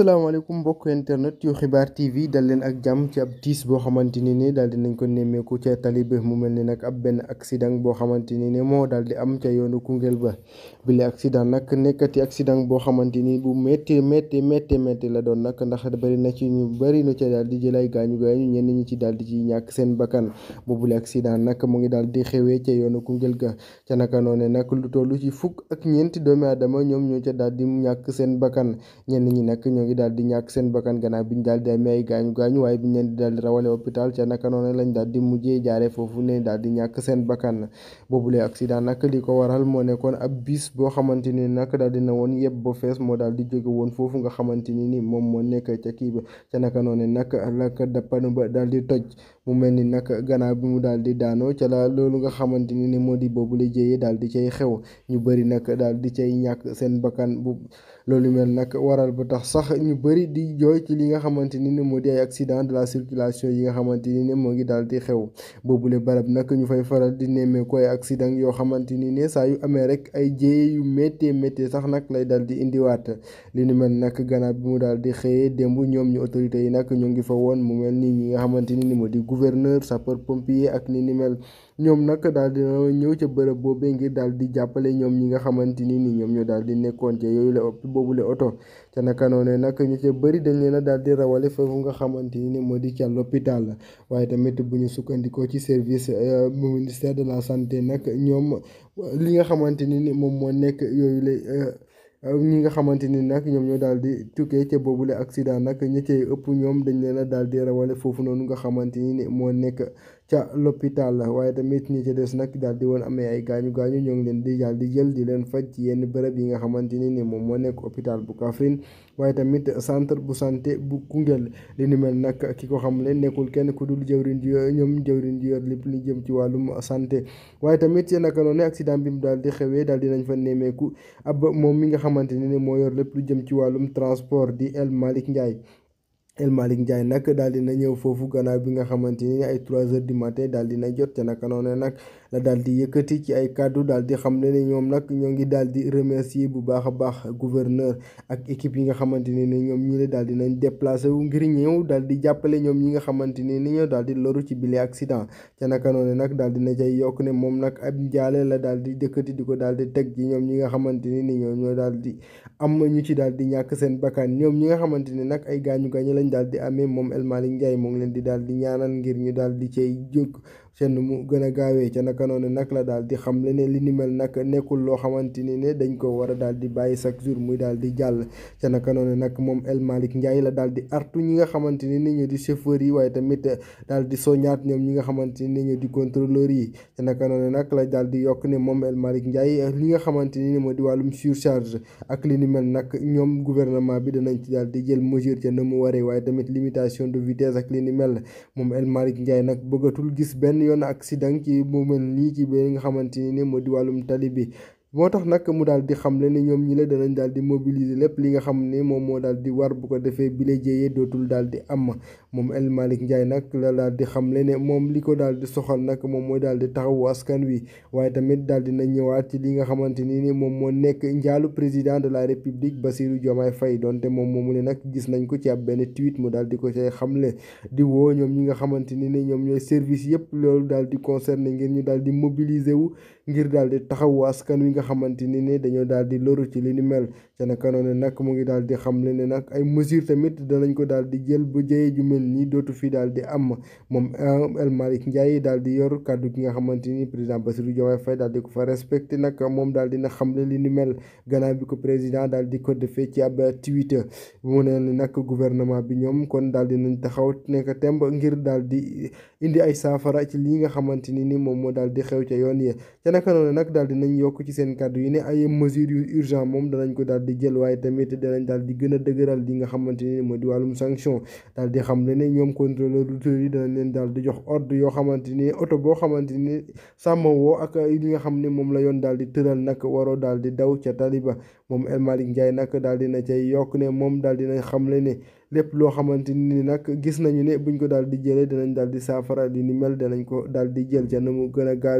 asalaamaaleykum mbokk internet yu xibar TV dal len ak jam ci ab tiis bo xamanteni ni dal dinañ ko nemé ko ci talibé tali mu melni nak ab ben accident bo xamanteni ne moo di am ci yoonu Kungel ba bile accident nak nekati accident bo xamanteni bu metti metti metti metti la doon nak ndax bari na ci ñu bari na ci dal di jëlay gañu gañu ñen ñi ci dal di ci ñak seen bakkan boobule accident nak mu ngi dal di xewé ci yoonu kungel ga ca naka noné nak lu tollu ci fuk ak ñeenti doomi adama ñom ñoo ci dal di ñak seen bakkan ñen ñi nak ñoo gi daal di ñàkk seen bakkan gannaaw bi ñu daal di amee ay gaañu gaañu waaye bi ñu leen di rawale hôpital ca naka noonu lañ daal di mujjee jaaree foofu ne daal di ñàkk seen bakkan boobule accident nag li ko waral moo nekkoon ab bis boo xamante ni nag daal dina woon yëpp ba fees moo daal di jóge woon foofu nga xamante ni ni moom moo nekk ca kii ba ca naka noonu nag la ko dappanu ba di toj mu mel ni nag gannaaw bi mu daal di daanoo ca la loolu nga xamante ni moo di boobu la jëyee daal di cay xew ñu bari nag daal di cay ñàkk seen bakkan bu loolu mel nag waral ba tax sax ñu bëri di jooy ci li nga xamante ni moo di ay accident la circulation yi nga xamante ni moo ngi daal di xew boobule barab nag ñu fay faral di nemmeeku ay accident yoo xamante ni ne saa yu amee rek ay jéye yu méttee méttee sax nag lay daal di indiwaat li ni bi mu daal di xëyee démb ñoom ñu autorités yi nag ñu ngi fa woon mu mel ni ñi nga xamante ni moo di gouverneur sapeur pompier ak ni ni mel ñoom nag daal dina ñëw ca bërëb boobee ngir daal di jàppale ñoom ñi nga xamante ni ni ñoom ñoo daal di nekkoon ca yooyu la boobule oto ca ca bëri dañ leen a daal di rawale foofu nga xamante ni moo di ca l'hôpital la waaye tamit bu ñu euh, ñoom li nga xamante ni moom moo nekk yooyu la euh, ñi nga xamante ni nag ñoom ñoo daal di tukkee ca boobule accident nag ña ci ëpp ñoom dañ leen a daal di rawale foofu noonu nga xamante ni moo nekk ca l'hôpital waaye tamit ñi ca des nag daal di woon amee ay gaañu gaañu ñoo ngi leen di daal di jël di leen faj ci yenn bërëb yi nga xamante ni ni moom moo nekk hôpital bu Kaffrine waaye tamit centre bu santé bu kungel li ni mel nag ki ko xam leen nekkul kenn ku dul jëwriñ ji ñoom jëwriñ di yor lépp li jëm ci wàllum santé waaye tamit naka noonu accident bi mu daal di xewee fa nemmeeku ab moom mi nga xamante ni ni moo yor lépp lu jëm ci wàllum transport di El malik Ndiaye El Malick Ndiaye nag daal dina ñëw foofu gannaaw bi nga xamante ay 3 heures du matin daal dina jot te naka noonu nag la daal di yëkkati ci ay kàddu di xam ne ni ñoom nag ñoo ngi daal di remercier ak équipe yi nga xamante ne ni ñoom ñu ne daal dinañ déplacé wu ngir ñëw daal di jàppale ñoom ñi nga xamante ne ni ñoo daal di loru ci bile accident te naka noonu nag daal dina cay yokk ne moom nag ab njaale la daal di dëkkati di ko daal di teg ji ñoom ñi nga xamante ne ni ñoom ñoo daal di am ñu ci daal di ñàkk seen bakkaan ñoom ñi nga xamante ne ay gaañu gaañu lañ daal di amee moom El Malick Ndiaye moo leen di daal di ñaanal ngir ñu daal di cay jóg ca nu mu gën a naka noonu nag la daal di xam le ne li ni nag nekkul loo xamante ni ne dañ ko war a daal di bàyyi chaque jour muy daal di jàll ca naka noonu nag moom El Malick Ndiaye la daal di artu ñi nga xamante ni ni ñu di chauffeur yi waaye tamit daal di soñaat ñoom ñi nga xamante ni ñu di contrôleur yi ca naka noonu nag la daal di yokk ne moom El Malick Ndiaye li nga xamante ni moo di wàllum surcharge ak li ni mel nag ñoom gouvernement bi danañ ci daal di jël mesure ca na mu waree waaye tamit limitation de vitesse ak li ni mel moom El Malick Ndiaye nag bëggatul gis benn yoon accident ci mu mel nii ci biir nga xamante ni moo di wàllum tali bi moo tax nag mu daal di xamle ni ñoom ñi la danañ daal di mobiliser lépp li nga xam ne moom moo daal di war bu ko defee bile jéyee dootul daal di am moom El Malick Ndiaye nag la daal di xamle ne moom li ko daal di soxal nag moom mooy daal di taxawu askan wi waaye tamit daal di na ñëwaat ci li nga xamante ni ni moom moo nekk njaalu président de la république Bassirou Diomaye Faye donte moom moom mu ne nag gis nañ ko ci ab benn tweet mu daal di ko cay xamle di woo ñoom ñi nga xamante ni ni ñoom ñooy service yëpp loolu daal di concerné ngir ñu daal di mobiliser wu ngir daal di taxawu askan wi nga xamante ni ne dañoo daal di loru ci li ni mel ca naka noonu nag mu ngi daal di xamle ne nag ay mesures tamit danañ ko daal di jël bu jëyee ju mel nii dootu fi daal di am moom El Malick Ndiaye daal di yor kàddu ki nga xamante ni président Bassirou Diomaye Faye daal di ko fa respecté nag moom daal dina xamle li ni mel gannaaw bi ko président daal di ko defee ci ab tweet mu ne nag gouvernement bi ñoom kon daal di nañ taxaw nekk temb ngir daal di. indi ay saafara ci lii nga xamante ni ni moom moo daal di xew ca yoon yi ca naka noonu nag daal dinañ yokk ci seen kàddu yi ne ay mesures yu urgent moom danañ ko daal di jël waaye tamit danañ daal di a dëgëral di nga xamante ni moo di wàllum sanction daal di xam le ne ñoom contrôleur routier yi danañ leen daal di jox ordre yoo xamante ni oto boo xamante ni sàmm woo ak li nga xam ne moom la yoon daal di tëral nag waroo daal di daw ca taliba moom El Malick Ndiaye nag daal na cay yokk ne moom daal dina xam le ne lépp loo xamante ni nag gis nañu ne buñ ko daal di jëlee dinañ daal di saafara li ni mel danañ ko daal di jël ca na mu gën a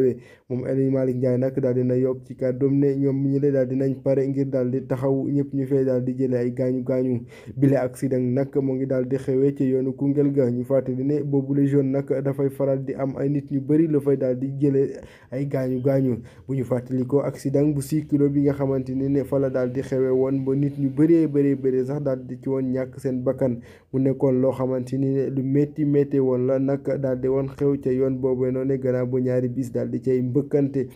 moom El Malick Ndiaye nag daal dina yokk ci kàddoom ne ñoom ñi le daal dinañ pare ngir daal di taxaw ñëpp ñu fee daal di jëlee ay gaañu gaañu bile nag mu ngi daal di xewee ci yoonu Koungheul ga ñu fàttali ne boobule jeune nag dafay faral di am ay nit ñu bëri la fay daal di jëlee ay gaañu gaañu bu ñu fàttali ko accident bu six kilo bi nga xamante ne fa la daal di xewee woon ba nit ñu bëree bëree bëri sax daal di ci woon ñàkk seen bakkan bakkan mu nekkoon loo xamante ni lu métti métti woon la nag daal di woon xew ca yoon boobu noonu gannaaw bu ñaari bis daal di cay mbëkkante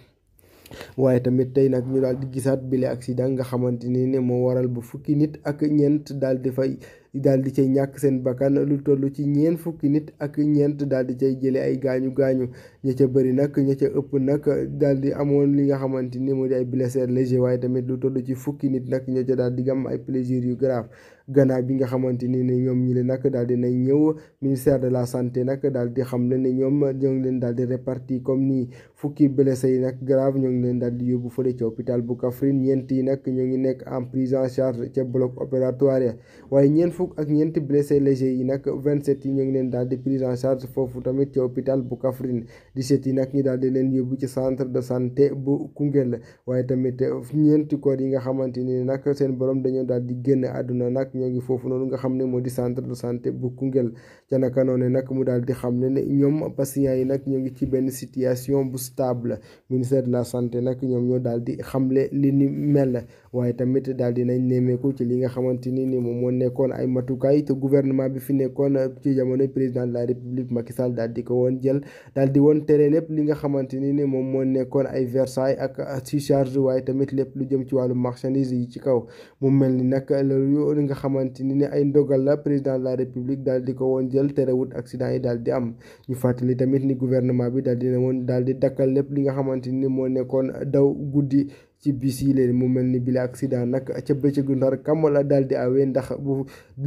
waaye tamit tey nag ñu daal di gisaat bile accident nga xamante ni ne moo waral bu fukki nit ak ñeent daal di fay daal di cay ñàkk seen bakkan lu toll ci ñeent fukki nit ak ñeent daal di cay jële ay gaañu gaañu ña ca bëri nag ña ca ëpp nag daal di amoon li nga xamante ni moo ay blessés léger waaye tamit lu toll ci fukki nit nag ña ca daal di gam ay plaisir yu grave gannaaw bi nga xamante ni ne ñoom ñi le nag daal di nañ ñëw ministère de la santé nag daal di xam le ne ñoom ñoo ngi leen daal di réparti comme nii fukki blessés yi nag grave ñoo ngi leen daal di yóbbu fële ca hôpital bu Kaffrine ñeent yi nag ñoo ngi nekk en prise en charge ca bloc opératoire waaye ñeent fukk ak ñeenti blessés légers yi nag 27 yi ñoo ngi leen daal di prise en charge foofu tamit ca hôpital bu Kaffrine di sept yi nag ñu daal di leen yóbbu ci centre de santé bu Koungheul waaye tamit ñeenti koor yi nga xamante ni nag seen borom dañoo daal di génn àdduna nag ñoo ngi foofu noonu nga xam ne moo di centre de santé bu Koungheul ca naka noonu nag mu daal di xam ne ne ñoom patients yi nag ñoo ngi ci benn situation bu stable ministère de la santé nag ñoom ñoo daal di xamle li ni mel waaye tamit daal dinañ nemmeeku ci li nga xamante ni ni moom moo nekkoon ay matukaay te gouvernement bi fi nekkoon ci jamono président de la république Macky Sall daal di ko woon jël daal di tere lépp li nga xamante ni ni moom moo nekkoon ay Versailles ak surcharge tamit lépp lu jëm ci wàllu marchandise yi ci kaw mu mel ni nag loolu li nga xamante ni ni ay ndogal la président la république daal di ko woon jël terewut accident yi daal di am ñu fàttali tamit ni gouvernement bi daal dina woon daal di dakkal lépp li nga xamante ni moo nekkoon daw guddi ci bis yi leen mu mel ni bile accident nag ca bëccëgu ndar kam la daal di awee ndax bu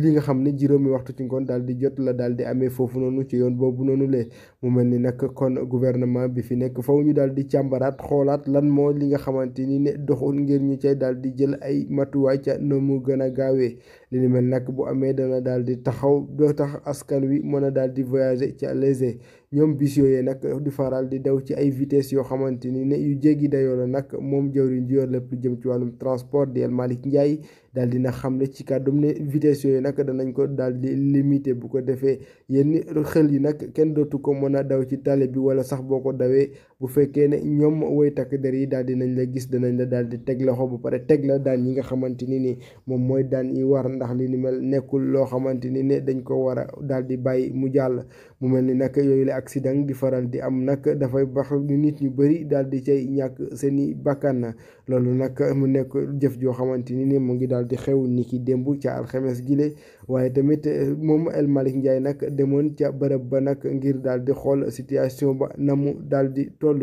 li nga xam ne juróomi waxtu ci ngoon daal di jot la daal amee foofu noonu ci yoon boobu noonu lee mu mel ni nag kon guvernement bi fi nekk faw ñu daal di càmbaraat xoolaat lan moo li nga xamante ni ne doxul ngeen ñu cay daal di jël ay matuwaay ca no mu gën a gaawee li ni mel nag bu amee dana daal di taxaw doo tax askan wi mën a daal di voyager ci léger ñoom bis yooyee nag di faral di daw ci ay vitesse yoo xamante ni ne yu jéggi dayoo la nag moom jëwriñ ji yor lépp jëm ci wàllum transport di El Malick Ndiaye dal dina xamne ci kàddum ne vitesse yoy nak danañ ko dal di limité bu ko defé yenn xel yi nak kenn dotu ko mën daw ci talé bi wala sax boko dawé bu fekkee né ñom way tak der yi dal dinañ la gis danañ la dal di teg loxo bu paré teg la dal yi nga xamanteni ni mom moy mooy yi war ndax li ni mel nekkul lo xamanteni ne dañ ko wara dal di bay mu jall mu melni nak yoy yooyu accident di faral di am da fay bax ni nit ñu bari dal di cey ñak seeni bakkan lolu nak mu nekk jëf jo xamanteni ni mo ngi dal di xew ni ki démb ca alxames gile waaye tamit eh, moom El Malick Ndiaye nag demoon ca bërëb ba nag ngir daal di xool situation ba na mu daal di toll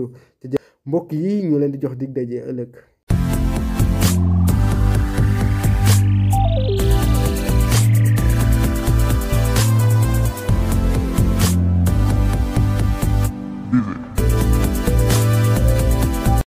mbokk yi ñu leen di jox dig daje ëllëg